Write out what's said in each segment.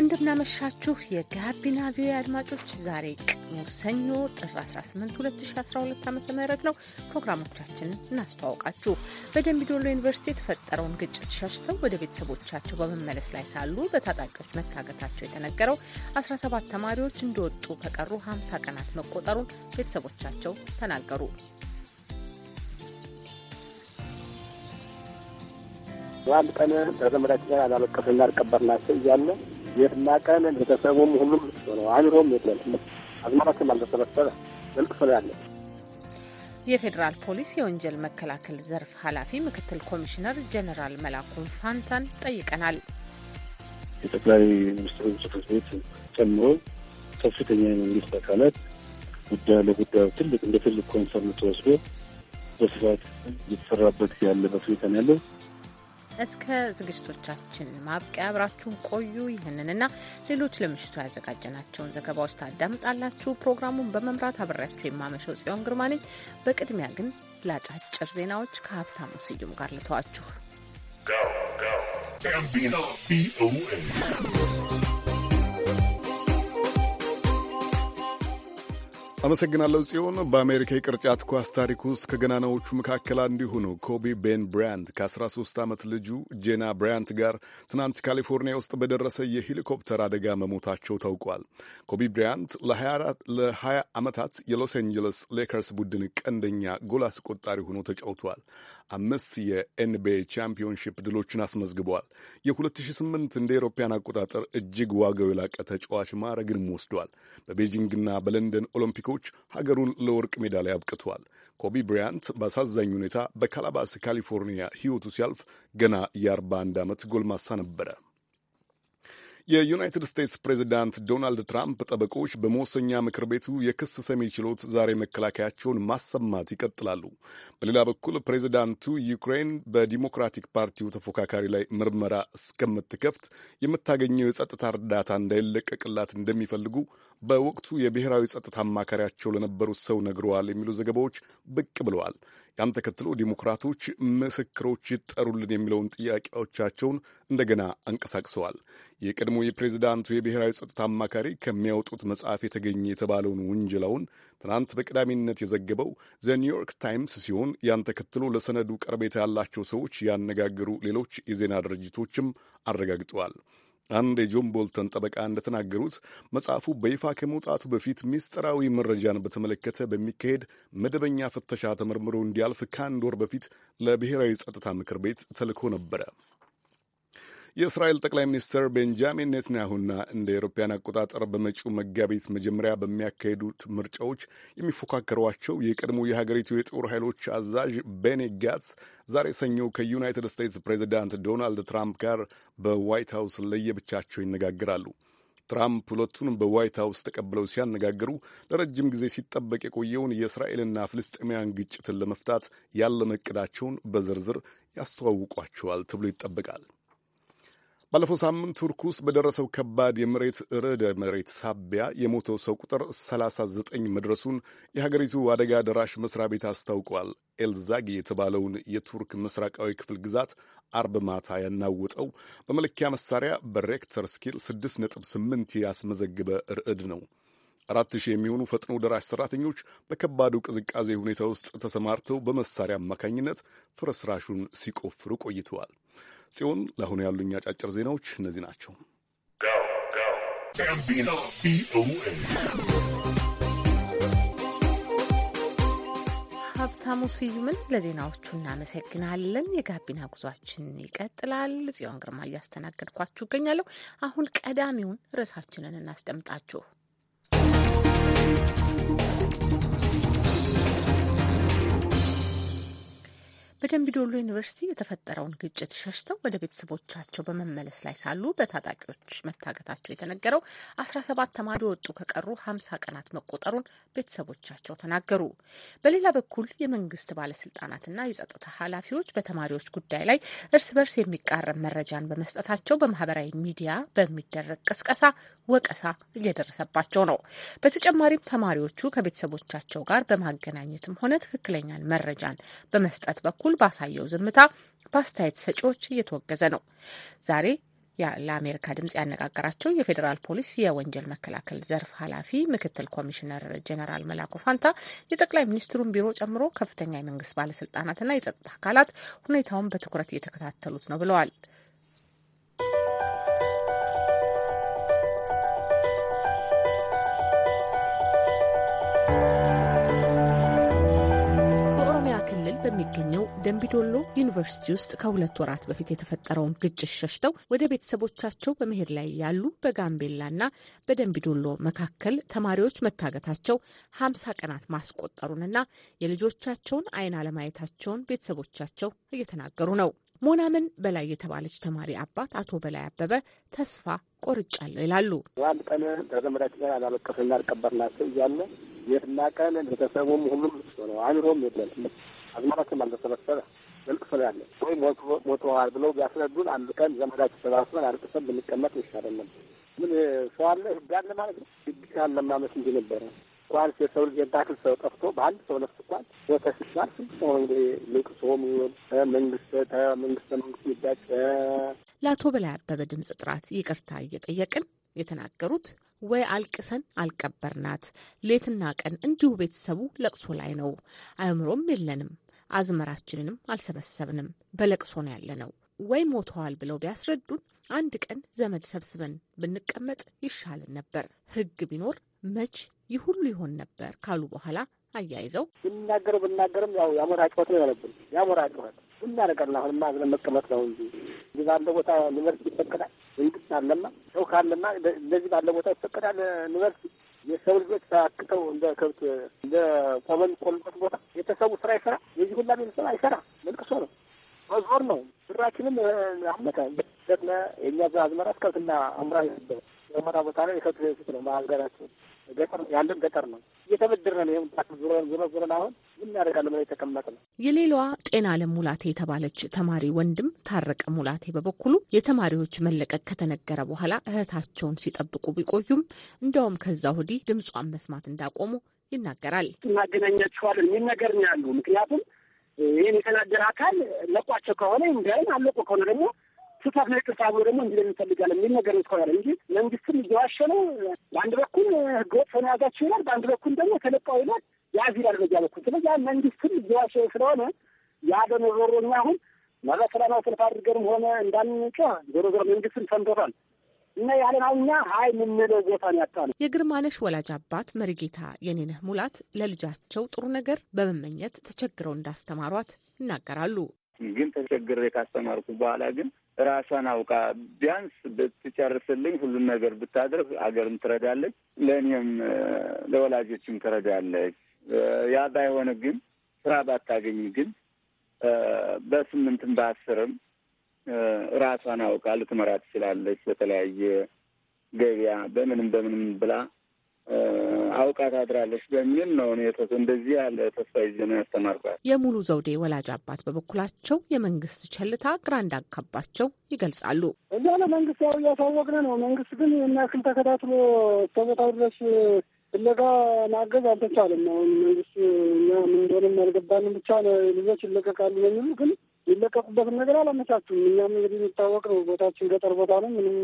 እንደምናመሻችሁ የጋቢና ቪኦኤ አድማጮች፣ ዛሬ ቀኑ ሰኞ ጥር 18 2012 ዓ ም ነው። ፕሮግራሞቻችንን እናስተዋውቃችሁ። በደምቢዶሎ ዩኒቨርሲቲ የተፈጠረውን ግጭት ሸሽተው ወደ ቤተሰቦቻቸው በመመለስ ላይ ሳሉ በታጣቂዎች መታገታቸው የተነገረው 17 ተማሪዎች እንደወጡ ከቀሩ 50 ቀናት መቆጠሩን ቤተሰቦቻቸው ተናገሩ። በአንድ ቀን በዘመዳችን ላይ አላለቀሰና አልቀበርናቸው እያለ ቤትና ቀን ቤተሰቡም ሁሉም ነው። አሚሮም የለም። አዝመራችም አልተሰበሰበ መልቅሶ ያለ የፌዴራል ፖሊስ የወንጀል መከላከል ዘርፍ ኃላፊ ምክትል ኮሚሽነር ጀኔራል መላኩን ፋንታን ጠይቀናል። የጠቅላይ ሚኒስትሩ ጽሕፈት ቤት ጨምሮ ከፍተኛ የመንግስት አካላት ጉዳዩ ለጉዳዩ ትልቅ እንደ ትልቅ ኮንሰርን ተወስዶ በስፋት እየተሰራበት ያለበት ሁኔታ ነው ያለው። እስከ ዝግጅቶቻችን ማብቂያ አብራችሁን ቆዩ። ይህንንና ሌሎች ለምሽቱ ያዘጋጀናቸውን ዘገባዎች ታዳምጣላችሁ። ፕሮግራሙን በመምራት አብሬያችሁ የማመሸው ጽዮን ግርማ ነኝ። በቅድሚያ ግን ለአጫጭር ዜናዎች ከሀብታሙ ስዩም ጋር ልተዋችሁ። አመሰግናለሁ ጽዮን። በአሜሪካ የቅርጫት ኳስ ታሪክ ውስጥ ከገናናዎቹ መካከል አንዱ የሆነው ኮቢ ቤን ብራያንት ከ13 ዓመት ልጁ ጄና ብራያንት ጋር ትናንት ካሊፎርኒያ ውስጥ በደረሰ የሄሊኮፕተር አደጋ መሞታቸው ታውቋል። ኮቢ ብራያንት ለ20 ዓመታት የሎስ አንጀለስ ሌከርስ ቡድን ቀንደኛ ጎል አስቆጣሪ ሆኖ ተጫውቷል። አምስት የኤንቢኤ ቻምፒዮንሺፕ ድሎችን አስመዝግበዋል። የ2008 እንደ ኤሮፓያን አቆጣጠር እጅግ ዋጋው የላቀ ተጫዋች ማዕረግንም ወስዷል። በቤጂንግና በለንደን ኦሎምፒክ ሰዎች ሀገሩን ለወርቅ ሜዳሊያ አብቅተዋል። ኮቢ ብሪያንት በአሳዛኝ ሁኔታ በካላባስ ካሊፎርኒያ ሕይወቱ ሲያልፍ ገና የ41 ዓመት ጎልማሳ ነበረ። የዩናይትድ ስቴትስ ፕሬዚዳንት ዶናልድ ትራምፕ ጠበቆች በመወሰኛ ምክር ቤቱ የክስ ሰሚ ችሎት ዛሬ መከላከያቸውን ማሰማት ይቀጥላሉ። በሌላ በኩል ፕሬዚዳንቱ ዩክሬን በዲሞክራቲክ ፓርቲው ተፎካካሪ ላይ ምርመራ እስከምትከፍት የምታገኘው የጸጥታ እርዳታ እንዳይለቀቅላት እንደሚፈልጉ በወቅቱ የብሔራዊ ጸጥታ አማካሪያቸው ለነበሩት ሰው ነግረዋል የሚሉ ዘገባዎች ብቅ ብለዋል። ያም ተከትሎ ዲሞክራቶች ምስክሮች ይጠሩልን የሚለውን ጥያቄዎቻቸውን እንደገና አንቀሳቅሰዋል። የቀድሞ የፕሬዚዳንቱ የብሔራዊ ጸጥታ አማካሪ ከሚያወጡት መጽሐፍ የተገኘ የተባለውን ውንጀላውን ትናንት በቀዳሚነት የዘገበው ኒውዮርክ ታይምስ ሲሆን ያን ተከትሎ ለሰነዱ ቀረቤታ ያላቸው ሰዎች ያነጋገሩ ሌሎች የዜና ድርጅቶችም አረጋግጠዋል። አንድ የጆን ቦልተን ጠበቃ እንደተናገሩት መጽሐፉ በይፋ ከመውጣቱ በፊት ምስጢራዊ መረጃን በተመለከተ በሚካሄድ መደበኛ ፍተሻ ተመርምሮ እንዲያልፍ ከአንድ ወር በፊት ለብሔራዊ ጸጥታ ምክር ቤት ተልኮ ነበረ። የእስራኤል ጠቅላይ ሚኒስትር ቤንጃሚን ኔትንያሁና እንደ አውሮፓውያን አቆጣጠር በመጪው መጋቢት መጀመሪያ በሚያካሄዱት ምርጫዎች የሚፎካከሯቸው የቀድሞ የሀገሪቱ የጦር ኃይሎች አዛዥ ቤኒ ጋትስ ዛሬ ሰኞ ከዩናይትድ ስቴትስ ፕሬዚዳንት ዶናልድ ትራምፕ ጋር በዋይት ሀውስ ለየብቻቸው ይነጋግራሉ። ትራምፕ ሁለቱን በዋይት ሀውስ ተቀብለው ሲያነጋግሩ ለረጅም ጊዜ ሲጠበቅ የቆየውን የእስራኤልና ፍልስጤማውያን ግጭትን ለመፍታት ያለመቅዳቸውን በዝርዝር ያስተዋውቋቸዋል ተብሎ ይጠበቃል። ባለፈው ሳምንት ቱርክ ውስጥ በደረሰው ከባድ የመሬት ርዕደ መሬት ሳቢያ የሞተው ሰው ቁጥር 39 መድረሱን የሀገሪቱ አደጋ ደራሽ መስሪያ ቤት አስታውቋል። ኤልዛጊ የተባለውን የቱርክ ምስራቃዊ ክፍል ግዛት አርብ ማታ ያናወጠው በመለኪያ መሳሪያ በሬክተር ስኪል 6.8 ያስመዘገበ ርዕድ ነው። አራት ሺህ የሚሆኑ ፈጥኖ ደራሽ ሠራተኞች በከባዱ ቅዝቃዜ ሁኔታ ውስጥ ተሰማርተው በመሳሪያ አማካኝነት ፍርስራሹን ሲቆፍሩ ቆይተዋል። ሲሆን ለአሁኑ ያሉኝ አጫጭር ዜናዎች እነዚህ ናቸው። ሀብታሙ ስዩምን ለዜናዎቹ እናመሰግናለን። የጋቢና ጉዟችን ይቀጥላል። ጽዮን ግርማ እያስተናገድኳችሁ እገኛለሁ። አሁን ቀዳሚውን ርዕሳችንን እናስደምጣችሁ። በደምቢዶሎ ዩኒቨርሲቲ የተፈጠረውን ግጭት ሸሽተው ወደ ቤተሰቦቻቸው በመመለስ ላይ ሳሉ በታጣቂዎች መታገታቸው የተነገረው አስራ ሰባት ተማሪ ወጡ ከቀሩ ሀምሳ ቀናት መቆጠሩን ቤተሰቦቻቸው ተናገሩ። በሌላ በኩል የመንግስት ባለስልጣናትና የጸጥታ ኃላፊዎች በተማሪዎች ጉዳይ ላይ እርስ በርስ የሚቃረብ መረጃን በመስጠታቸው በማህበራዊ ሚዲያ በሚደረግ ቅስቀሳ ወቀሳ እየደረሰባቸው ነው። በተጨማሪም ተማሪዎቹ ከቤተሰቦቻቸው ጋር በማገናኘትም ሆነ ትክክለኛን መረጃን በመስጠት በኩል ባሳየው ዝምታ በአስተያየት ሰጪዎች እየተወገዘ ነው። ዛሬ ለአሜሪካ ድምጽ ያነጋገራቸው የፌዴራል ፖሊስ የወንጀል መከላከል ዘርፍ ኃላፊ ምክትል ኮሚሽነር ጀነራል መላኮ ፋንታ የጠቅላይ ሚኒስትሩን ቢሮ ጨምሮ ከፍተኛ የመንግስት ባለስልጣናትና የጸጥታ አካላት ሁኔታውን በትኩረት እየተከታተሉት ነው ብለዋል። በሚገኘው ደንቢዶሎ ዩኒቨርሲቲ ውስጥ ከሁለት ወራት በፊት የተፈጠረውን ግጭት ሸሽተው ወደ ቤተሰቦቻቸው በመሄድ ላይ ያሉ በጋምቤላና በደንቢዶሎ መካከል ተማሪዎች መታገታቸው ሀምሳ ቀናት ማስቆጠሩንና የልጆቻቸውን አይን አለማየታቸውን ቤተሰቦቻቸው እየተናገሩ ነው። ሞናምን በላይ የተባለች ተማሪ አባት አቶ በላይ አበበ ተስፋ ቆርጫለሁ ይላሉ። አንድ ቀን ከዘመዳችን ጋር አላበቀሰና አልቀበርናቸው እያለ የትና ቀን ቤተሰቡም ሁሉም አይምሮም የለም አዝመራችን አልተሰበሰበ በልቅሶ ያለ ወይ ሞተዋል ብለው ቢያስረዱን አንድ ቀን ዘመዳችን ተሰባስበን አልቅሰን ብንቀመጥ ይሻለን ነበር። ምን ሰው አለ ህግ አለ ማለት ነው። ህግ ካለ ማመስ እንጂ ነበረ እንኳን የሰው ልጅ የዳክል ሰው ጠፍቶ በአንድ ሰው ነፍስ እንኳን ወተ ሲሻል ስድስት ነው እንግዲህ ልቅሶ የሚሆን መንግስት መንግስት መንግስት ሚዳጭ ለአቶ በላይ አበበ ድምፅ ጥራት ይቅርታ እየጠየቅን የተናገሩት ወይ አልቅሰን አልቀበርናት ሌትና ቀን እንዲሁ ቤተሰቡ ለቅሶ ላይ ነው። አእምሮም የለንም አዝመራችንንም አልሰበሰብንም፣ በለቅሶ ነው ያለ ነው ወይ ሞተዋል ብለው ቢያስረዱን አንድ ቀን ዘመድ ሰብስበን ብንቀመጥ ይሻልን ነበር፣ ህግ ቢኖር መች ይህ ሁሉ ይሆን ነበር ካሉ በኋላ አያይዘው ብናገር ብናገርም ያው የአሞራ ጩኸት ነው ያለብን። የአሞራ ጩኸት እና ነገር ነው። አሁንማ መቀመጥ ነው እንጂ እዚህ ባለ ቦታ ዩኒቨርሲቲ ይፈቀዳል። መንግስት አለማ ሰው ካለማ እንደዚህ ባለ ቦታ ይፈቀዳል ዩኒቨርሲቲ የሰው ልጆች ታክተው እንደ ከብት እንደ ቆመን ቆልበት ቦታ የተሰቡ ስራ ይሰራ የዚህ ሁላ ቤት አይሰራ መልቅሶ ነው መዞር ነው ብራችንም አመተ ደቅነ የእኛ አዝመራ እስከብትና አምራ ይበ ጨመራ ቦታ ላይ የከብት ቤት ነው። በሀገራችን ገጠር ያለን ገጠር ነው እየተበድር ነው። ይህም ዙረን ዙረ ዙረን አሁን ምን ያደርጋል ብለን የተቀመጥ ነው። የሌላዋ ጤና አለም ሙላቴ የተባለች ተማሪ ወንድም ታረቀ ሙላቴ በበኩሉ የተማሪዎች መለቀቅ ከተነገረ በኋላ እህታቸውን ሲጠብቁ ቢቆዩም እንደውም ከዛ ወዲህ ድምጿን መስማት እንዳቆሙ ይናገራል። እናገናኛችኋለን የሚል ነገር ያሉ ምክንያቱም ይህን የተናገረ አካል ለቋቸው ከሆነ እንዲያይም አለቁ ከሆነ ደግሞ ስህተት ነው ይቅርታ ደግሞ እንዲ እንፈልጋለን የሚል ነገር እስከሆነ እንጂ መንግስትም እየዋሸ ነው። በአንድ በኩል ህገወጥ ሆነ ያዛቸው ይላል፣ በአንድ በኩል ደግሞ ተለቀው ይላል ያዝ ይላል በዚያ በኩል። ስለዚህ መንግስትም እየዋሸ ስለሆነ ያ በመዘሮ እኛ አሁን መብራት ሰላማዊ ሰልፍ አድርገንም ሆነ እንዳንጮህ ዞሮ ዞሮ መንግስትም ሰምቶታል እና ያለን አሁኛ ሀይ የምንለው ቦታ ነው ያጣ ነው። የግርማነሽ ወላጅ አባት መሪጌታ የኔነህ ሙላት ለልጃቸው ጥሩ ነገር በመመኘት ተቸግረው እንዳስተማሯት ይናገራሉ። ግን ተቸግሬ ካስተማርኩ በኋላ ግን ራሷን አውቃ ቢያንስ ብትጨርስልኝ ሁሉን ነገር ብታደርግ አገርም ትረዳለች፣ ለእኔም ለወላጆችም ትረዳለች። ያ ባይሆን ግን ስራ ባታገኝ ግን በስምንትም በአስርም ራሷን አውቃ ልትመራ ትችላለች። በተለያየ ገበያ በምንም በምንም ብላ አውቃ ታድራለች በሚል ነው እኔ እንደዚህ ያለ ተስፋ ይዤ ነው የሙሉ ዘውዴ ወላጅ አባት በበኩላቸው የመንግስት ቸልታ ግራ እንዳጋባቸው ይገልጻሉ። እዚያ ለመንግስት ያው እያሳወቅን ነው። መንግስት ግን የሚያክል ተከታትሎ እስከ ድረስ ፍለጋ ማገዝ አልተቻለም። አሁን መንግስት እኛ ምን እንደሆነ ያልገባንም ብቻ ልጆች ይለቀቃሉ የሚሉ ግን የሚለቀቁበትን ነገር አላመቻችም። እኛም እንግዲህ የሚታወቅ ነው ቦታችን ገጠር ቦታ ነው ምንም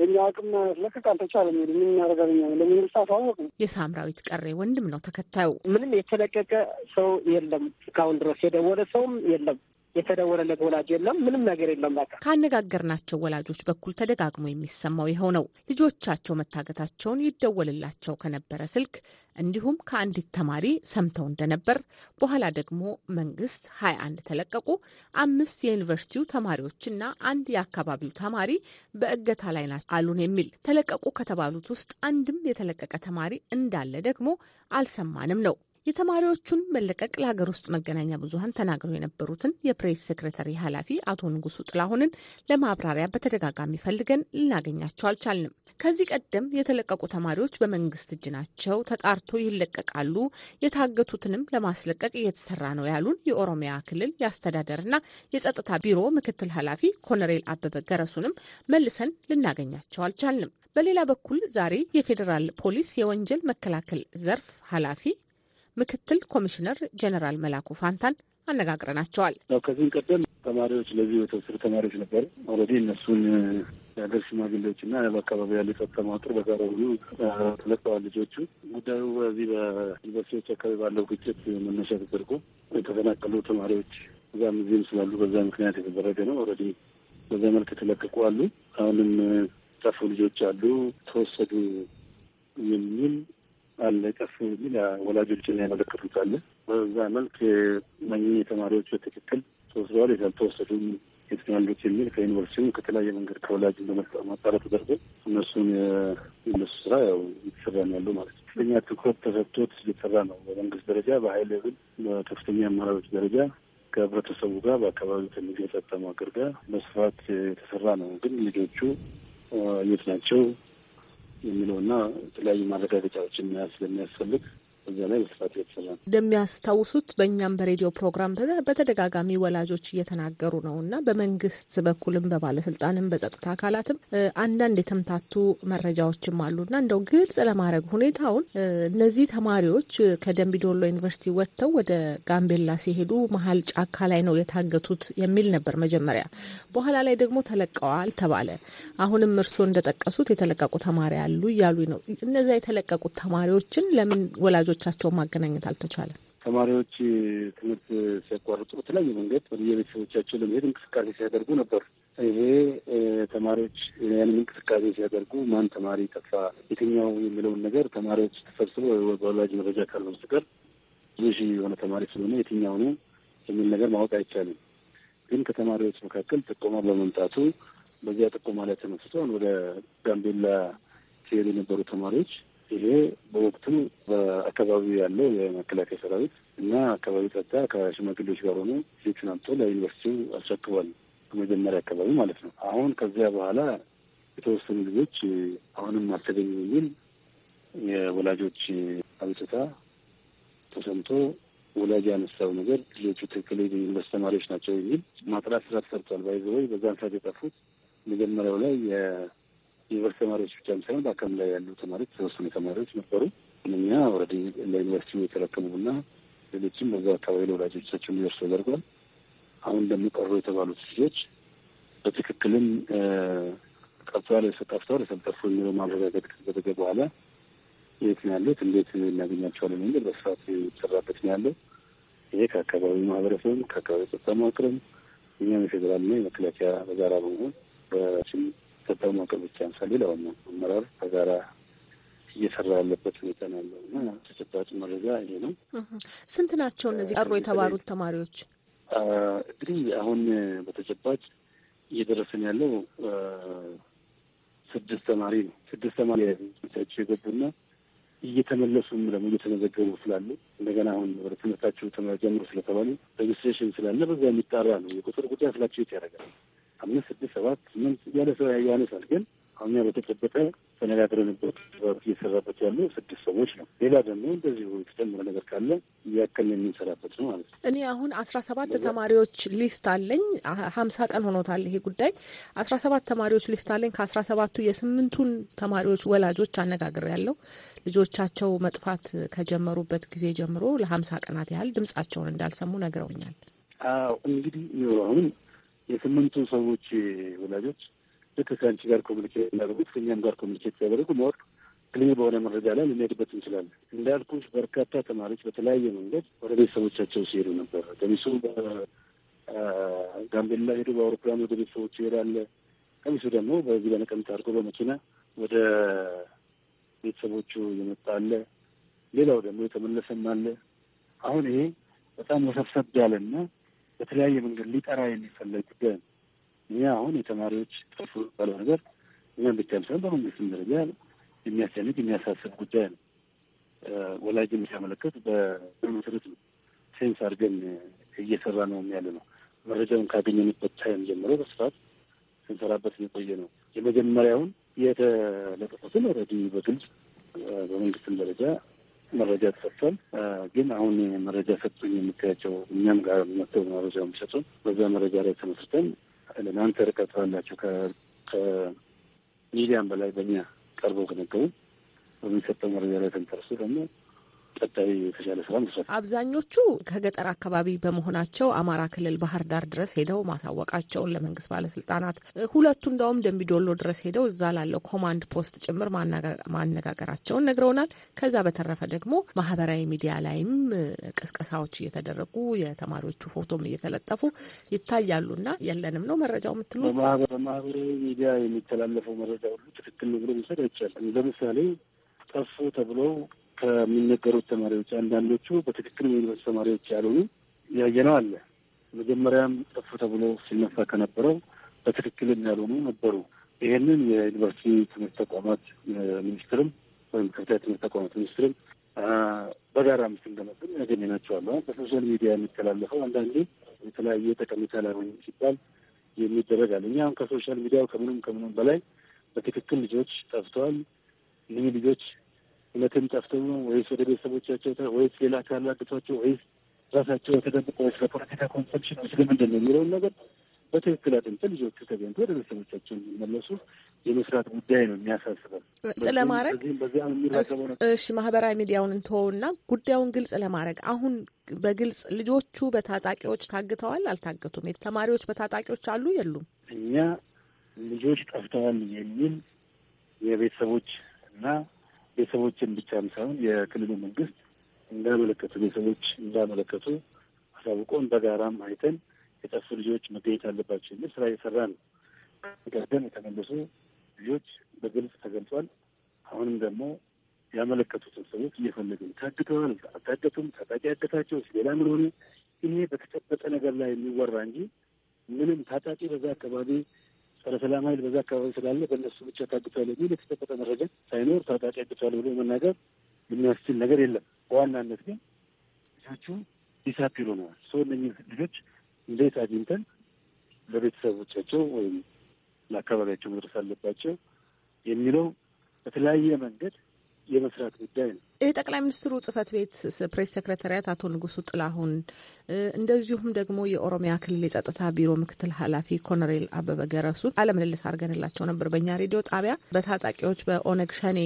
የኛ አቅም ማስለቀቅ አልተቻለም። ምን እናደርጋለኛ ለመንግስት አሳወቅ ነው። የሳምራዊት ቀሬ ወንድም ነው ተከታዩ። ምንም የተለቀቀ ሰው የለም እስካሁን ድረስ የደወለ ሰውም የለም። የተደወለለት ወላጅ የለም፣ ምንም ነገር የለም። በቃ ካነጋገርናቸው ወላጆች በኩል ተደጋግሞ የሚሰማው ይኸው ነው። ልጆቻቸው መታገታቸውን ይደወልላቸው ከነበረ ስልክ እንዲሁም ከአንዲት ተማሪ ሰምተው እንደነበር በኋላ ደግሞ መንግስት ሀያ አንድ ተለቀቁ፣ አምስት የዩኒቨርሲቲው ተማሪዎችና አንድ የአካባቢው ተማሪ በእገታ ላይ ናቸው አሉን የሚል ተለቀቁ ከተባሉት ውስጥ አንድም የተለቀቀ ተማሪ እንዳለ ደግሞ አልሰማንም ነው የተማሪዎቹን መለቀቅ ለሀገር ውስጥ መገናኛ ብዙኃን ተናግረው የነበሩትን የፕሬስ ሴክሬታሪ ኃላፊ አቶ ንጉሱ ጥላሁንን ለማብራሪያ በተደጋጋሚ ፈልገን ልናገኛቸው አልቻልንም። ከዚህ ቀደም የተለቀቁ ተማሪዎች በመንግስት እጅ ናቸው፣ ተጣርቶ ይለቀቃሉ፣ የታገቱትንም ለማስለቀቅ እየተሰራ ነው ያሉን የኦሮሚያ ክልል የአስተዳደርና የጸጥታ ቢሮ ምክትል ኃላፊ ኮሎኔል አበበ ገረሱንም መልሰን ልናገኛቸው አልቻልንም። በሌላ በኩል ዛሬ የፌዴራል ፖሊስ የወንጀል መከላከል ዘርፍ ኃላፊ ምክትል ኮሚሽነር ጀነራል መላኩ ፋንታን አነጋግረናቸዋል። ያው ከዚህም ቀደም ተማሪዎች ለዚህ የተወሰዱ ተማሪዎች ነበሩ። ኦልሬዲ እነሱን የሀገር ሽማግሌዎችና በአካባቢ ያሉ የጸጥታ መዋቅር በጋራ ተለቀዋል። ልጆቹ ጉዳዩ በዚህ በዩኒቨርሲቲዎች አካባቢ ባለው ግጭት መነሻ ተደርጎ የተፈናቀሉ ተማሪዎች እዛም እዚህም ስላሉ በዛ ምክንያት የተደረገ ነው። ኦልሬዲ በዛ መልክ የተለቀቁ አሉ። አሁንም ጠፉ ልጆች አሉ ተወሰዱ የሚል አለ ቀፍ የሚል ወላጆችን ያመለከቱት አለ። በዛ መልክ መኝ ተማሪዎች በትክክል ተወስደዋል፣ ያልተወሰዱም የት ያሉት የሚል ከዩኒቨርሲቲው ከተለያየ መንገድ ከወላጅ በማጣራት ተደርጎ እነሱን የእነሱ ስራ ያው እየተሰራ ነው ያለው ማለት ነው። ከፍተኛ ትኩረት ተሰጥቶት እየተሰራ ነው በመንግስት ደረጃ በሀይል ብል በከፍተኛ አመራሮች ደረጃ ከህብረተሰቡ ጋር በአካባቢው ከሚገኝ ጸጥታ መዋቅር ጋር በስፋት የተሰራ ነው። ግን ልጆቹ የት ናቸው የሚለውና የተለያዩ ማረጋገጫዎችን መያዝ ስለሚያስፈልግ እዚያ ላይ መስራት የተሰራ እንደሚያስታውሱት በእኛም በሬዲዮ ፕሮግራም በተደጋጋሚ ወላጆች እየተናገሩ ነው እና በመንግስት በኩልም በባለስልጣንም በጸጥታ አካላትም አንዳንድ የተምታቱ መረጃዎችም አሉና እንደው ግልጽ ለማድረግ ሁኔታውን እነዚህ ተማሪዎች ከደምቢዶሎ ዩኒቨርሲቲ ወጥተው ወደ ጋምቤላ ሲሄዱ መሀል ጫካ ላይ ነው የታገቱት የሚል ነበር መጀመሪያ። በኋላ ላይ ደግሞ ተለቀዋል ተባለ። አሁንም እርስዎ እንደጠቀሱት የተለቀቁ ተማሪ አሉ እያሉ ነው። እነዚያ የተለቀቁት ተማሪዎችን ለምን ወላጆች ልጆቻቸውን ማገናኘት አልተቻለም። ተማሪዎች ትምህርት ሲያቋርጡ በተለያዩ መንገድ ወደ የቤተሰቦቻቸው ለመሄድ እንቅስቃሴ ሲያደርጉ ነበር። ይሄ ተማሪዎች ያንን እንቅስቃሴ ሲያደርጉ ማን ተማሪ ጠፋ፣ የትኛው የሚለውን ነገር ተማሪዎች ተሰብስበው በወላጅ መረጃ ካልሆነ በስተቀር ብዙ ሺህ የሆነ ተማሪ ስለሆነ የትኛው ነው የሚል ነገር ማወቅ አይቻልም። ግን ከተማሪዎች መካከል ጥቆማ በመምጣቱ በዚያ ጥቆማ ላይ ተመስርተን ወደ ጋምቤላ ሲሄዱ የነበሩ ተማሪዎች ይሄ በወቅቱ በአካባቢው ያለው የመከላከያ ሰራዊት እና አካባቢ ጸጥታ ከሽማግሌዎች ጋር ሆኖ ልጁን አምጦ ለዩኒቨርሲቲው አስረክቧል። መጀመሪያ አካባቢ ማለት ነው። አሁን ከዚያ በኋላ የተወሰኑ ልጆች አሁንም አልተገኙ የሚል የወላጆች አቤቱታ ተሰምቶ ወላጅ ያነሳው ነገር ልጆቹ ትክክል ዩኒቨርስቲ ተማሪዎች ናቸው የሚል ማጥራት ስራ ተሰርቷል። ባይዘወይ በዛን ሰዓት የጠፉት መጀመሪያው ላይ ዩኒቨርስቲ ተማሪዎች ብቻም ሳይሆን በአካባቢ ላይ ያሉ ተማሪዎች የተወሰኑ ተማሪዎች ነበሩ። እኛ ኦልሬዲ ለዩኒቨርሲቲ የተረከቡና ሌሎችም በዛው አካባቢ ለወላጆቻቸው እንዲደርሱ ተደርጓል። አሁን እንደሚቀሩ የተባሉት ልጆች በትክክልም ቀርተዋል ጠፍተዋል የሰጠፉ የሚለው ማረጋገጥ ከተደረገ በኋላ የት ነው ያሉት፣ እንዴት እናገኛቸዋለን የሚል በስፋት የሚሰራበት ነው ያለው። ይሄ ከአካባቢ ማህበረሰብም ከአካባቢ ጸጥታ መዋቅርም እኛም የፌዴራልና የመከላከያ በጋራ በመሆን ለምሳሌ ለሆነ አመራር ከጋራ እየሰራ ያለበት ሁኔታ ነው ያለው እና ተጨባጭ መረጃ ይሄ ነው። ስንት ናቸው እነዚህ ቀሩ የተባሉት ተማሪዎች? እንግዲህ አሁን በተጨባጭ እየደረሰን ያለው ስድስት ተማሪ ነው። ስድስት ተማሪ ቻቸው የገቡና እየተመለሱም ደግሞ እየተመዘገቡ ስላሉ እንደገና አሁን ወደ ትምህርታቸው ጀምሮ ስለተባሉ ሬጅስትሬሽን ስላለ በዛ የሚጣራ ነው። የቁጥር ጉዳይ ስላቸው ያደርጋል። አምስት ስድስት ሰባት ስምንት ያለ ሰው ያነሳል ግን እኛ በተጨበጠ ተነጋግረንበት እየሰራበት ያሉ ስድስት ሰዎች ነው። ሌላ ደግሞ እንደዚሁ የተጨመረ ነገር ካለ እያከልን የምንሰራበት ነው ማለት ነው። እኔ አሁን አስራ ሰባት ተማሪዎች ሊስት አለኝ። ሀምሳ ቀን ሆኖታል ይሄ ጉዳይ። አስራ ሰባት ተማሪዎች ሊስት አለኝ። ከአስራ ሰባቱ የስምንቱን ተማሪዎች ወላጆች አነጋግር ያለው ልጆቻቸው መጥፋት ከጀመሩበት ጊዜ ጀምሮ ለሀምሳ ቀናት ያህል ድምጻቸውን እንዳልሰሙ ነግረውኛል። አዎ እንግዲህ አሁን የስምንቱ ሰዎች ወላጆች ልክ ከአንቺ ጋር ኮሚኒኬት ያደረጉት ከኛም ጋር ኮሚኒኬት ያደረጉ መወቅ ክሊር በሆነ መረጃ ላይ ልንሄድበት እንችላለን። እንዳልኩሽ በርካታ ተማሪዎች በተለያየ መንገድ ወደ ቤተሰቦቻቸው ሲሄዱ ነበር። ገሚሱ ጋምቤላ ሄዱ፣ በአውሮፕላን ወደ ቤተሰቦቹ ይሄዳለ። ቀሚሱ ደግሞ በዚህ በነቀምት አድርጎ በመኪና ወደ ቤተሰቦቹ የመጣ አለ። ሌላው ደግሞ የተመለሰም አለ። አሁን ይሄ በጣም ወሰብሰብ ያለና በተለያየ መንገድ ሊጠራ የሚፈለግ ጉዳይ ነው። ይህ አሁን የተማሪዎች ጠፉ ባለው ነገር እኛም ብቻ ሳይሆን በመንግስትም ደረጃ የሚያስጨንቅ የሚያሳስብ ጉዳይ ነው። ወላጅ የሚያመለክት በመሰረት ነው። ሴንስ አድርገን እየሰራ ነው ያለ ነው። መረጃውን ካገኘንበት ታይም ጀምሮ በስፋት ስንሰራበት የቆየ ነው። የመጀመሪያውን የተለጠፉትን ረዲ በግልጽ በመንግስትም ደረጃ መረጃ ተሰጥቷል። ግን አሁን መረጃ ሰጡኝ የምታያቸው እኛም ጋር መተው መረጃ የሚሰጡን በዛ መረጃ ላይ ተመስርተን ለእናንተ ርቀት ባላቸው ከሚዲያም በላይ በእኛ ቀርቦ ከነበሩ በሚሰጠው መረጃ ላይ ተንተርሱ ደግሞ ቀጣይ የተሻለ ስራ መስራት። አብዛኞቹ ከገጠር አካባቢ በመሆናቸው አማራ ክልል ባህር ዳር ድረስ ሄደው ማሳወቃቸውን ለመንግስት ባለስልጣናት፣ ሁለቱ እንደውም ደምቢዶሎ ድረስ ሄደው እዛ ላለው ኮማንድ ፖስት ጭምር ማነጋገራቸውን ነግረውናል። ከዛ በተረፈ ደግሞ ማህበራዊ ሚዲያ ላይም ቅስቀሳዎች እየተደረጉ የተማሪዎቹ ፎቶም እየተለጠፉ ይታያሉና የለንም ነው መረጃው የምትሉ በማህበራዊ ሚዲያ የሚተላለፈው መረጃ ሁሉ ትክክል ነው ብሎ መውሰድ አይቻልም። ለምሳሌ ጠፉ ተብለው ከሚነገሩት ተማሪዎች አንዳንዶቹ በትክክል የዩኒቨርስቲ ተማሪዎች ያልሆኑ ያየነው አለ። መጀመሪያም ጠፉ ተብሎ ሲነሳ ከነበረው በትክክልም ያልሆኑ ነበሩ። ይህንን የዩኒቨርሲቲ ትምህርት ተቋማት ሚኒስትርም ወይም ከፍተኛ ትምህርት ተቋማት ሚኒስትርም በጋራ ምስል እንደመጥን ያገኘናቸዋል። በሶሻል ሚዲያ የሚተላለፈው አንዳንዴ የተለያየ ጠቀሜታ ላይሆን ሲባል የሚደረግ አለ። እኛ አሁን ከሶሻል ሚዲያው ከምንም ከምንም በላይ በትክክል ልጆች ጠፍተዋል፣ እነዚህ ልጆች እውነትም ጠፍተው ወይስ ወደ ቤተሰቦቻቸው ወይስ ሌላ አካል አግቷቸው ወይስ ራሳቸው ተደብቆ ወይስ ለፖለቲካ ኮንሰፕሽን ወይስ ለምንድን ነው የሚለውን ነገር በትክክል አጥንተ ልጆቹ ተገኝቶ ወደ ቤተሰቦቻቸው እንዲመለሱ የመስራት ጉዳይ ነው የሚያሳስበን። ስለማድረግ እሺ፣ ማህበራዊ ሚዲያውን እንተወውና ጉዳዩን ግልጽ ለማድረግ አሁን በግልጽ ልጆቹ በታጣቂዎች ታግተዋል አልታገቱም፣ ተማሪዎች በታጣቂዎች አሉ የሉም፣ እኛ ልጆች ጠፍተዋል የሚል የቤተሰቦች እና ቤተሰቦችን ብቻም ሳይሆን የክልሉ መንግስት እንዳመለከቱ ቤተሰቦች እንዳመለከቱ አሳውቆን በጋራም አይተን የጠፉ ልጆች መገኘት አለባቸው የሚል ስራ እየሰራ ነው። ቀደም የተመለሱ ልጆች በግልጽ ተገልጿል። አሁንም ደግሞ ያመለከቱትን ሰዎች እየፈለግን ታግተዋል፣ አልታገቱም፣ ታጣቂ ያገታቸው ሌላ ምን ሆነ? ይሄ በተጨበጠ ነገር ላይ የሚወራ እንጂ ምንም ታጣቂ በዛ አካባቢ ጸረ ሰላም ኃይል በዛ አካባቢ ስላለ በእነሱ ብቻ ታግቷል የሚል የተጨበጠ መረጃ ሳይኖር ታጣቂ አግቷል ብሎ መናገር የሚያስችል ነገር የለም። በዋናነት ግን ልጆቹ ዲሳፒር ሆነዋል። ሶ እነኝህ ልጆች እንዴት አግኝተን ለቤተሰቦቻቸው ወይም ለአካባቢያቸው መድረስ አለባቸው የሚለው በተለያየ መንገድ የመስራት ጉዳይ ነው። የጠቅላይ ሚኒስትሩ ጽህፈት ቤት ፕሬስ ሴክሬታሪያት አቶ ንጉሱ ጥላሁን እንደዚሁም ደግሞ የኦሮሚያ ክልል የጸጥታ ቢሮ ምክትል ኃላፊ ኮሎኔል አበበ ገረሱን አለምልልስ አድርገንላቸው ነበር በእኛ ሬዲዮ ጣቢያ በታጣቂዎች በኦነግ ሸኔ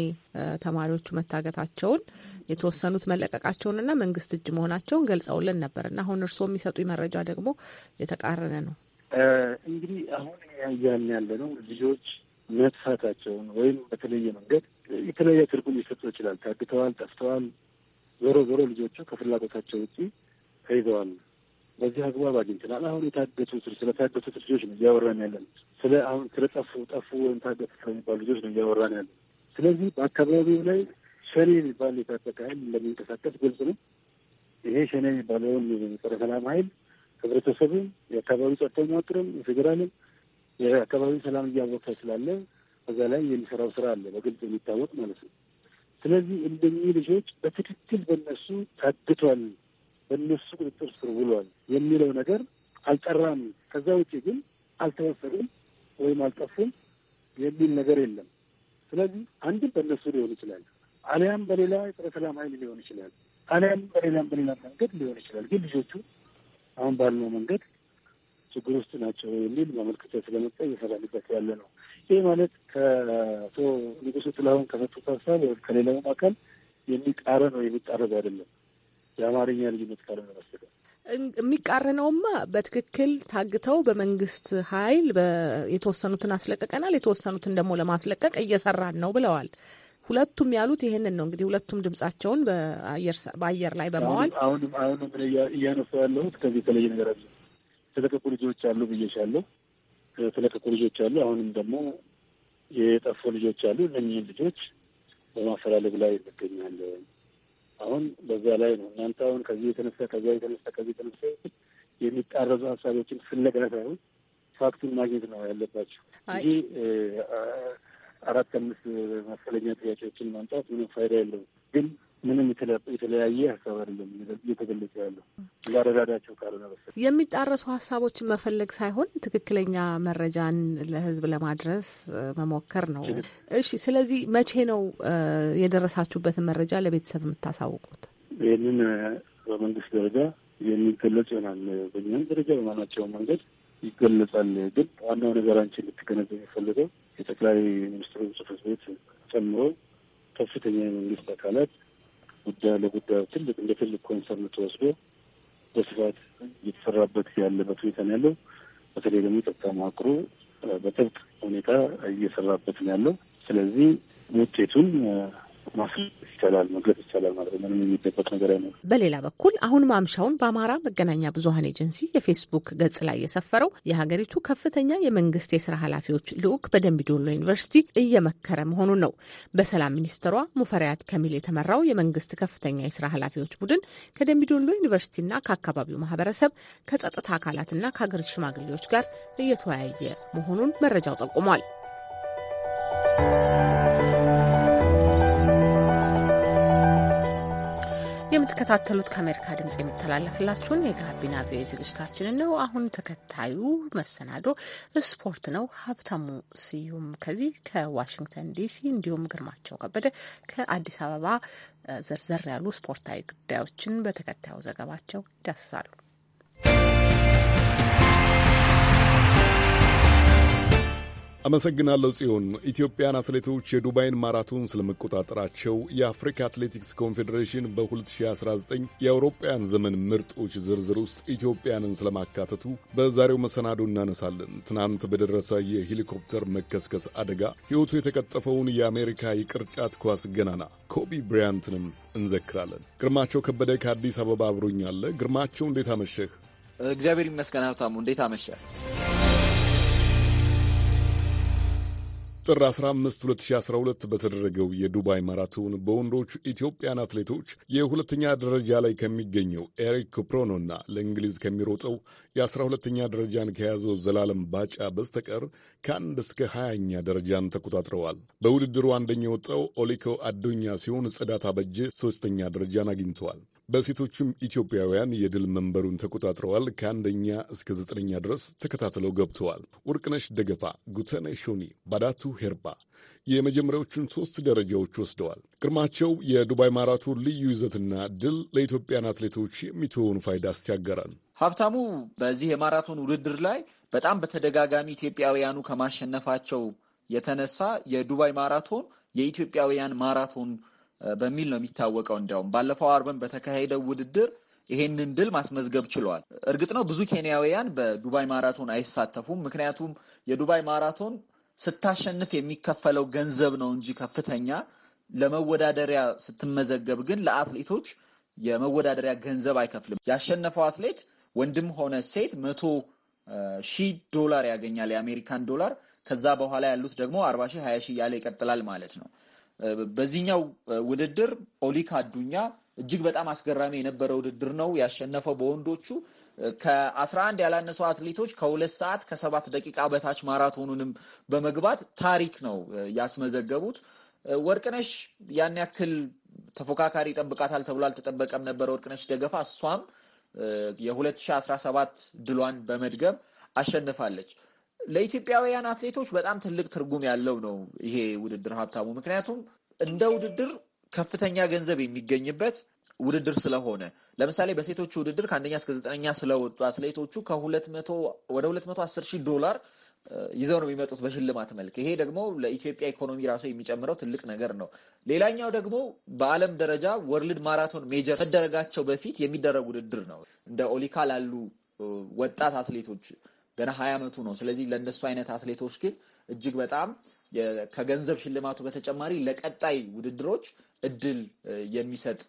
ተማሪዎቹ መታገታቸውን የተወሰኑት መለቀቃቸውንና መንግስት እጅ መሆናቸውን ገልጸውልን ነበር እና አሁን እርስዎ የሚሰጡ መረጃ ደግሞ የተቃረነ ነው። እንግዲህ አሁን እያልን ያለ ነው ልጆች መጥፋታቸውን ወይም በተለየ መንገድ የተለያየ ትርጉም ሊሰጡ ይችላል። ታግተዋል፣ ጠፍተዋል። ዞሮ ዞሮ ልጆቹ ከፍላጎታቸው ውጪ ተይዘዋል። በዚህ አግባብ አግኝተናል። አሁን የታገቱት ስለታገቱት ልጆች ነው እያወራን ያለን። ስለ አሁን ስለ ጠፉ ጠፉ ወይም ታገቱ ስለሚባሉ ልጆች ነው እያወራን ያለን። ስለዚህ በአካባቢው ላይ ሸኔ የሚባል የታጠቀ ኃይል እንደሚንቀሳቀስ ግልጽ ነው። ይሄ ሸኔ የሚባለውን ጸረ ሰላም ኃይል ህብረተሰቡም፣ የአካባቢው ጸጥታ መዋቅርም፣ የፌዴራልም የአካባቢውን ሰላም እያወቀ ስላለ በዛ ላይ የሚሰራው ስራ አለ በግልጽ የሚታወቅ ማለት ነው። ስለዚህ እንደኚህ ልጆች በትክክል በነሱ ታግቷል፣ በነሱ ቁጥጥር ስር ውሏል የሚለው ነገር አልጠራም። ከዛ ውጭ ግን አልተወሰዱም ወይም አልጠፉም የሚል ነገር የለም። ስለዚህ አንድም በእነሱ ሊሆን ይችላል፣ አሊያም በሌላ የጸረ ሰላም ኃይል ሊሆን ይችላል፣ አሊያም በሌላም በሌላ መንገድ ሊሆን ይችላል። ግን ልጆቹ አሁን ባልነው መንገድ ችግር ውስጥ ናቸው የሚል ማመልከቻ ስለመጣ እየሰራንበት ያለ ነው። ይህ ማለት ከአቶ ንጉሱ ጥላሁን ከሰጡት ሀሳብ ወይም ከሌላውም አካል የሚቃረን ነው የሚጣረዝ አይደለም። የአማርኛ ልዩነት ካለ ነው የሚቃረነውማ በትክክል ታግተው በመንግስት ኃይል የተወሰኑትን አስለቀቀናል፣ የተወሰኑትን ደግሞ ለማስለቀቅ እየሰራን ነው ብለዋል። ሁለቱም ያሉት ይህንን ነው። እንግዲህ ሁለቱም ድምጻቸውን በአየር ላይ በመዋል አሁንም አሁንም እያነሱ ያለሁት ከዚህ የተለየ ነገር አለ የተለቀቁ ልጆች አሉ ብዬሻለሁ። የተለቀቁ ልጆች አሉ። አሁንም ደግሞ የጠፉ ልጆች አሉ። እነኝህን ልጆች በማፈላለግ ላይ እንገኛለን። አሁን በዛ ላይ ነው። እናንተ አሁን ከዚህ የተነሳ ከዚያ የተነሳ ከዚህ የተነሳ የሚጣረዙ ሀሳቦችን ፍለጋ ሳይሆን ፋክቱን ማግኘት ነው ያለባቸው እንጂ አራት አምስት መሰለኛ ጥያቄዎችን ማምጣት ምንም ፋይዳ የለውም ግን ምንም የተለያየ ሀሳብ አይደለም እየተገለጸ ያለው ላረዳዳቸው ካልሆነ በስተቀር የሚጣረሱ ሀሳቦችን መፈለግ ሳይሆን ትክክለኛ መረጃን ለህዝብ ለማድረስ መሞከር ነው። እሺ፣ ስለዚህ መቼ ነው የደረሳችሁበትን መረጃ ለቤተሰብ የምታሳውቁት? ይህንን በመንግስት ደረጃ የሚገለጽ ይሆናል። በእኛም ደረጃ በማናቸውም መንገድ ይገለጻል። ግን ዋናው ነገር አንቺ እንድትገነዘብ የሚፈልገው የጠቅላይ ሚኒስትሩ ጽህፈት ቤት ጨምሮ ከፍተኛ የመንግስት አካላት ጉዳዩ ለጉዳዩ ትልቅ እንደ ትልቅ ኮንሰርን ተወስዶ በስፋት እየተሰራበት ያለበት ሁኔታ ነው ያለው። በተለይ ደግሞ ጸጥታ መዋቅሩ በጥብቅ ሁኔታ እየሰራበት ነው ያለው። ስለዚህ ውጤቱን ይቻላል፣ መግለጽ ይቻላል ማለት ምንም የሚጠበቅ ነገር አይኖርም። በሌላ በኩል አሁን ማምሻውን በአማራ መገናኛ ብዙኃን ኤጀንሲ የፌስቡክ ገጽ ላይ የሰፈረው የሀገሪቱ ከፍተኛ የመንግስት የስራ ኃላፊዎች ልዑክ በደምቢዶሎ ዩኒቨርሲቲ እየመከረ መሆኑን ነው። በሰላም ሚኒስትሯ ሙፈሪያት ከሚል የተመራው የመንግስት ከፍተኛ የስራ ኃላፊዎች ቡድን ከደምቢዶሎ ዩኒቨርሲቲና ከአካባቢው ማህበረሰብ ከጸጥታ አካላትና ከሀገሪቱ ሽማግሌዎች ጋር እየተወያየ መሆኑን መረጃው ጠቁሟል። የምትከታተሉት ከአሜሪካ ድምጽ የሚተላለፍላችሁን የጋቢና ቪ ዝግጅታችንን ነው። አሁን ተከታዩ መሰናዶ ስፖርት ነው። ሀብታሙ ስዩም ከዚህ ከዋሽንግተን ዲሲ እንዲሁም ግርማቸው ከበደ ከአዲስ አበባ ዘርዘር ያሉ ስፖርታዊ ጉዳዮችን በተከታዩ ዘገባቸው ይዳስሳሉ። አመሰግናለሁ ጽዮን። ኢትዮጵያን አትሌቶች የዱባይን ማራቶን ስለመቆጣጠራቸው የአፍሪካ አትሌቲክስ ኮንፌዴሬሽን በ2019 የአውሮፓውያን ዘመን ምርጦች ዝርዝር ውስጥ ኢትዮጵያንን ስለማካተቱ በዛሬው መሰናዶ እናነሳለን። ትናንት በደረሰ የሄሊኮፕተር መከስከስ አደጋ ሕይወቱ የተቀጠፈውን የአሜሪካ የቅርጫት ኳስ ገናና ኮቢ ብሪያንትንም እንዘክራለን። ግርማቸው ከበደ ከአዲስ አበባ አብሮኛለ። ግርማቸው እንዴት አመሸህ? እግዚአብሔር ይመስገን ሀብታሙ፣ እንዴት አመሸህ? ጥር 15 2012 በተደረገው የዱባይ ማራቶን በወንዶች ኢትዮጵያን አትሌቶች የሁለተኛ ደረጃ ላይ ከሚገኘው ኤሪክ ና ለእንግሊዝ ከሚሮጠው የ12ተኛ ደረጃን ከያዘው ዘላለም ባጫ በስተቀር ከአንድ እስከ 20ኛ ደረጃን ተቆጣጥረዋል። በውድድሩ አንደኛ የወጣው ኦሊኮ አዶኛ ሲሆን ጽዳት አበጀ ሦስተኛ ደረጃን አግኝተዋል። በሴቶችም ኢትዮጵያውያን የድል መንበሩን ተቆጣጥረዋል። ከአንደኛ እስከ ዘጠነኛ ድረስ ተከታትለው ገብተዋል። ወርቅነሽ ደገፋ፣ ጉተነ ሾኒ፣ ባዳቱ ሄርባ የመጀመሪያዎቹን ሶስት ደረጃዎች ወስደዋል። ግርማቸው የዱባይ ማራቶን ልዩ ይዘትና ድል ለኢትዮጵያን አትሌቶች የሚትሆኑ ፋይዳ ያጋራል። ሀብታሙ በዚህ የማራቶን ውድድር ላይ በጣም በተደጋጋሚ ኢትዮጵያውያኑ ከማሸነፋቸው የተነሳ የዱባይ ማራቶን የኢትዮጵያውያን ማራቶን በሚል ነው የሚታወቀው። እንዲያውም ባለፈው አርብን በተካሄደው ውድድር ይሄንን ድል ማስመዝገብ ችሏል። እርግጥ ነው ብዙ ኬንያውያን በዱባይ ማራቶን አይሳተፉም። ምክንያቱም የዱባይ ማራቶን ስታሸንፍ የሚከፈለው ገንዘብ ነው እንጂ ከፍተኛ ለመወዳደሪያ ስትመዘገብ ግን ለአትሌቶች የመወዳደሪያ ገንዘብ አይከፍልም። ያሸነፈው አትሌት ወንድም ሆነ ሴት መቶ ሺህ ዶላር ያገኛል የአሜሪካን ዶላር። ከዛ በኋላ ያሉት ደግሞ አርባ ሺህ ሀያ ሺህ እያለ ይቀጥላል ማለት ነው። በዚህኛው ውድድር ኦሊካ አዱኛ እጅግ በጣም አስገራሚ የነበረ ውድድር ነው ያሸነፈው። በወንዶቹ ከ11 ያላነሱ አትሌቶች ከሁለት ሰዓት ከሰባት ደቂቃ በታች ማራቶኑንም በመግባት ታሪክ ነው ያስመዘገቡት። ወርቅነሽ ያን ያክል ተፎካካሪ ይጠብቃታል ተብሎ አልተጠበቀም ነበረ። ወርቅነሽ ደገፋ እሷም የ2017 ድሏን በመድገም አሸንፋለች። ለኢትዮጵያውያን አትሌቶች በጣም ትልቅ ትርጉም ያለው ነው ይሄ ውድድር ሀብታሙ። ምክንያቱም እንደ ውድድር ከፍተኛ ገንዘብ የሚገኝበት ውድድር ስለሆነ ለምሳሌ በሴቶቹ ውድድር ከአንደኛ እስከ ዘጠነኛ ስለወጡ አትሌቶቹ ከሁለት መቶ ወደ ሁለት መቶ አስር ሺህ ዶላር ይዘው ነው የሚመጡት በሽልማት መልክ። ይሄ ደግሞ ለኢትዮጵያ ኢኮኖሚ ራሱ የሚጨምረው ትልቅ ነገር ነው። ሌላኛው ደግሞ በዓለም ደረጃ ወርልድ ማራቶን ሜጀር መደረጋቸው በፊት የሚደረግ ውድድር ነው። እንደ ኦሊካ ላሉ ወጣት አትሌቶች ገና ሀያ ዓመቱ ነው። ስለዚህ ለእንደሱ አይነት አትሌቶች ግን እጅግ በጣም ከገንዘብ ሽልማቱ በተጨማሪ ለቀጣይ ውድድሮች እድል የሚሰጥ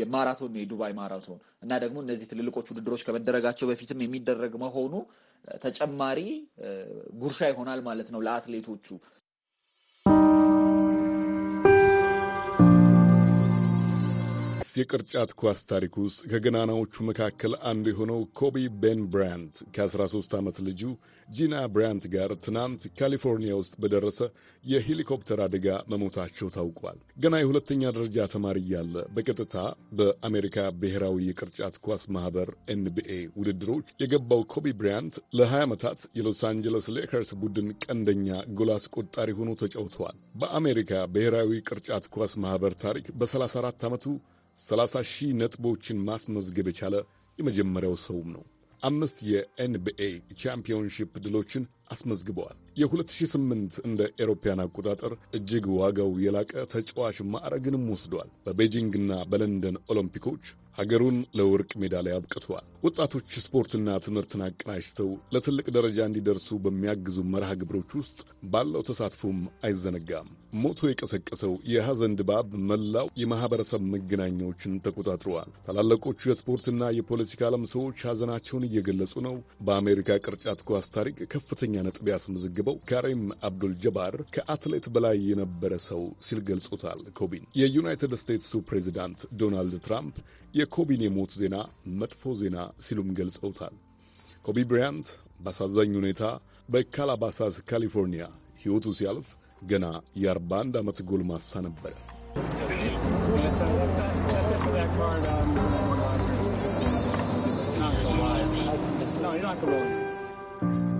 የማራቶን የዱባይ ማራቶን እና ደግሞ እነዚህ ትልልቆች ውድድሮች ከመደረጋቸው በፊትም የሚደረግ መሆኑ ተጨማሪ ጉርሻ ይሆናል ማለት ነው ለአትሌቶቹ። የቅርጫት ኳስ ታሪክ ውስጥ ከገናናዎቹ መካከል አንዱ የሆነው ኮቢ ቤን ብራያንት ከ13 ዓመት ልጁ ጂና ብራያንት ጋር ትናንት ካሊፎርኒያ ውስጥ በደረሰ የሄሊኮፕተር አደጋ መሞታቸው ታውቋል። ገና የሁለተኛ ደረጃ ተማሪ እያለ በቀጥታ በአሜሪካ ብሔራዊ የቅርጫት ኳስ ማኅበር ኤንቢኤ ውድድሮች የገባው ኮቢ ብራያንት ለ20 ዓመታት የሎስ አንጀለስ ሌከርስ ቡድን ቀንደኛ ጎል አስቆጣሪ ሆኖ ተጫውተዋል። በአሜሪካ ብሔራዊ ቅርጫት ኳስ ማኅበር ታሪክ በ34 ዓመቱ 30 ሺህ ነጥቦችን ማስመዝገብ የቻለ የመጀመሪያው ሰውም ነው። አምስት የኤንቢኤ ቻምፒዮንሺፕ ድሎችን አስመዝግበዋል። የ2008 እንደ ኤሮፓያን አቆጣጠር እጅግ ዋጋው የላቀ ተጫዋች ማዕረግንም ወስዷል። በቤጂንግና በለንደን ኦሎምፒኮች ሀገሩን ለወርቅ ሜዳሊያ አብቅቷል። ወጣቶች ስፖርትና ትምህርትን አቀናጅተው ለትልቅ ደረጃ እንዲደርሱ በሚያግዙ መርሃ ግብሮች ውስጥ ባለው ተሳትፎም አይዘነጋም። ሞቶ የቀሰቀሰው የሐዘን ድባብ መላው የማኅበረሰብ መገናኛዎችን ተቆጣጥረዋል። ታላላቆቹ የስፖርትና የፖለቲካ ዓለም ሰዎች ሐዘናቸውን እየገለጹ ነው። በአሜሪካ ቅርጫት ኳስ ታሪክ ከፍተኛ ነጥብ ያስመዘግበው ካሪም አብዱል ጀባር ከአትሌት በላይ የነበረ ሰው ሲል ገልጾታል። ኮቢን የዩናይትድ ስቴትሱ ፕሬዚዳንት ዶናልድ ትራምፕ የኮቢን የሞት ዜና መጥፎ ዜና ሲሉም ገልጸውታል። ኮቢ ብሪያንት በአሳዛኝ ሁኔታ በካላባሳስ ካሊፎርኒያ ሕይወቱ ሲያልፍ ገና የ41 ዓመት ጎልማሳ ነበረ።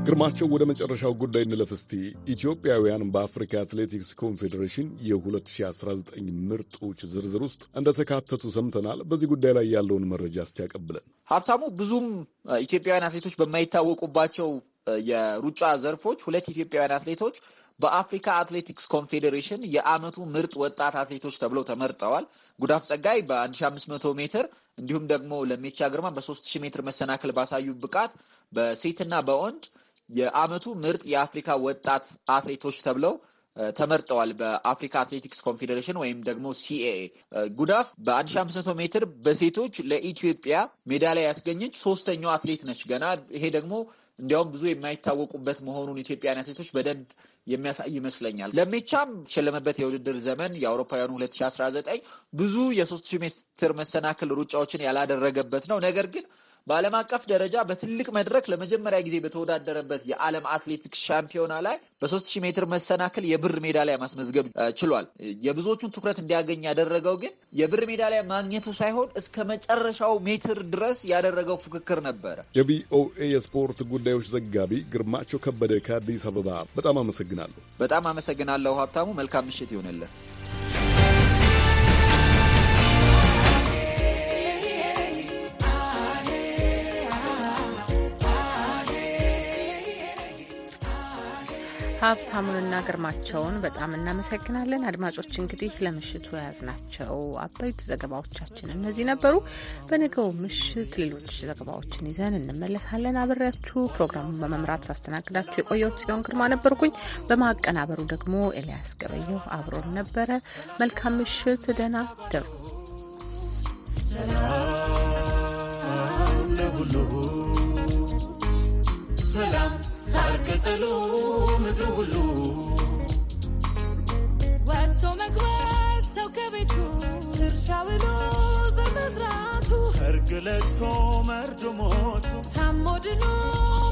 ግርማቸው፣ ወደ መጨረሻው ጉዳይ እንለፍ እስቲ። ኢትዮጵያውያን በአፍሪካ አትሌቲክስ ኮንፌዴሬሽን የ2019 ምርጦች ዝርዝር ውስጥ እንደተካተቱ ሰምተናል። በዚህ ጉዳይ ላይ ያለውን መረጃ እስቲ ያቀብለን ሀብታሙ። ብዙም ኢትዮጵያውያን አትሌቶች በማይታወቁባቸው የሩጫ ዘርፎች ሁለት ኢትዮጵያውያን አትሌቶች በአፍሪካ አትሌቲክስ ኮንፌዴሬሽን የአመቱ ምርጥ ወጣት አትሌቶች ተብለው ተመርጠዋል። ጉዳፍ ጸጋይ በ1500 ሜትር እንዲሁም ደግሞ ለሜቻ ግርማ በ3000 ሜትር መሰናክል ባሳዩ ብቃት በሴትና በወንድ የዓመቱ ምርጥ የአፍሪካ ወጣት አትሌቶች ተብለው ተመርጠዋል። በአፍሪካ አትሌቲክስ ኮንፌዴሬሽን ወይም ደግሞ ሲኤኤ ጉዳፍ በ 1500 ሜትር በሴቶች ለኢትዮጵያ ሜዳሊያ ያስገኘች ሶስተኛው አትሌት ነች ገና ይሄ ደግሞ እንዲያውም ብዙ የማይታወቁበት መሆኑን ኢትዮጵያውያን አትሌቶች በደንብ የሚያሳይ ይመስለኛል። ለሜቻም የተሸለመበት የውድድር ዘመን የአውሮፓውያኑ 2019 ብዙ የ3000 ሜትር መሰናክል ሩጫዎችን ያላደረገበት ነው። ነገር ግን በዓለም አቀፍ ደረጃ በትልቅ መድረክ ለመጀመሪያ ጊዜ በተወዳደረበት የዓለም አትሌቲክስ ሻምፒዮና ላይ በ3000 ሜትር መሰናክል የብር ሜዳሊያ ማስመዝገብ ችሏል። የብዙዎቹን ትኩረት እንዲያገኝ ያደረገው ግን የብር ሜዳሊያ ማግኘቱ ሳይሆን እስከ መጨረሻው ሜትር ድረስ ያደረገው ፉክክር ነበረ። የቪኦኤ የስፖርት ጉዳዮች ዘጋቢ ግርማቸው ከበደ ከአዲስ አበባ በጣም አመሰግናለሁ። በጣም አመሰግናለሁ ሀብታሙ። መልካም ምሽት ይሆንልን። ሀብታሙንና ግርማቸውን በጣም እናመሰግናለን። አድማጮች እንግዲህ ለምሽቱ የያዝናቸው አበይት ዘገባዎቻችን እነዚህ ነበሩ። በነገው ምሽት ሌሎች ዘገባዎችን ይዘን እንመለሳለን። አብሬያችሁ ፕሮግራሙን በመምራት ሳስተናግዳችሁ የቆየሁት ጽዮን ግርማ ነበርኩኝ። በማቀናበሩ ደግሞ ኤልያስ ገበየሁ አብሮን ነበረ። መልካም ምሽት፣ ደህና ደሩ። ሰላም ሳር ቅጠሉ ምድሩ ሁሉ ወጥቶ መግባት ሰው ከቤቱ እርሻ ብሎ ዘር መዝራቱ ሰርግ፣ ለቅሶ፣ መርዶ፣ ሞቱ ታሞ ድኖ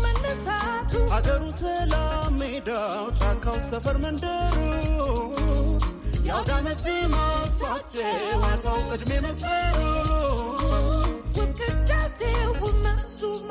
መነሳቱ አገሩ ሰላም ሜዳው ጫካው ሰፈር መንደሩ ያውዳመሴ ማሳቴ ዋታው ዕድሜ መክበሩ ውቅዳሴ ውመሱማ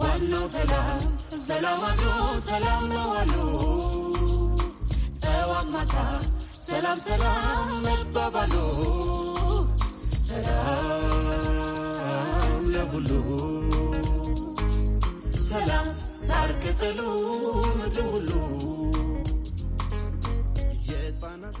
ዋናው ሰላም ሰላም አድሮ ሰላም መዋሉ ጠዋት ማታ ሰላም ሰላም መባባሉ ሰላም ለሁሉ ሰላም ሳር ቅጠሉ ምድር ሁሉ የሕፃናት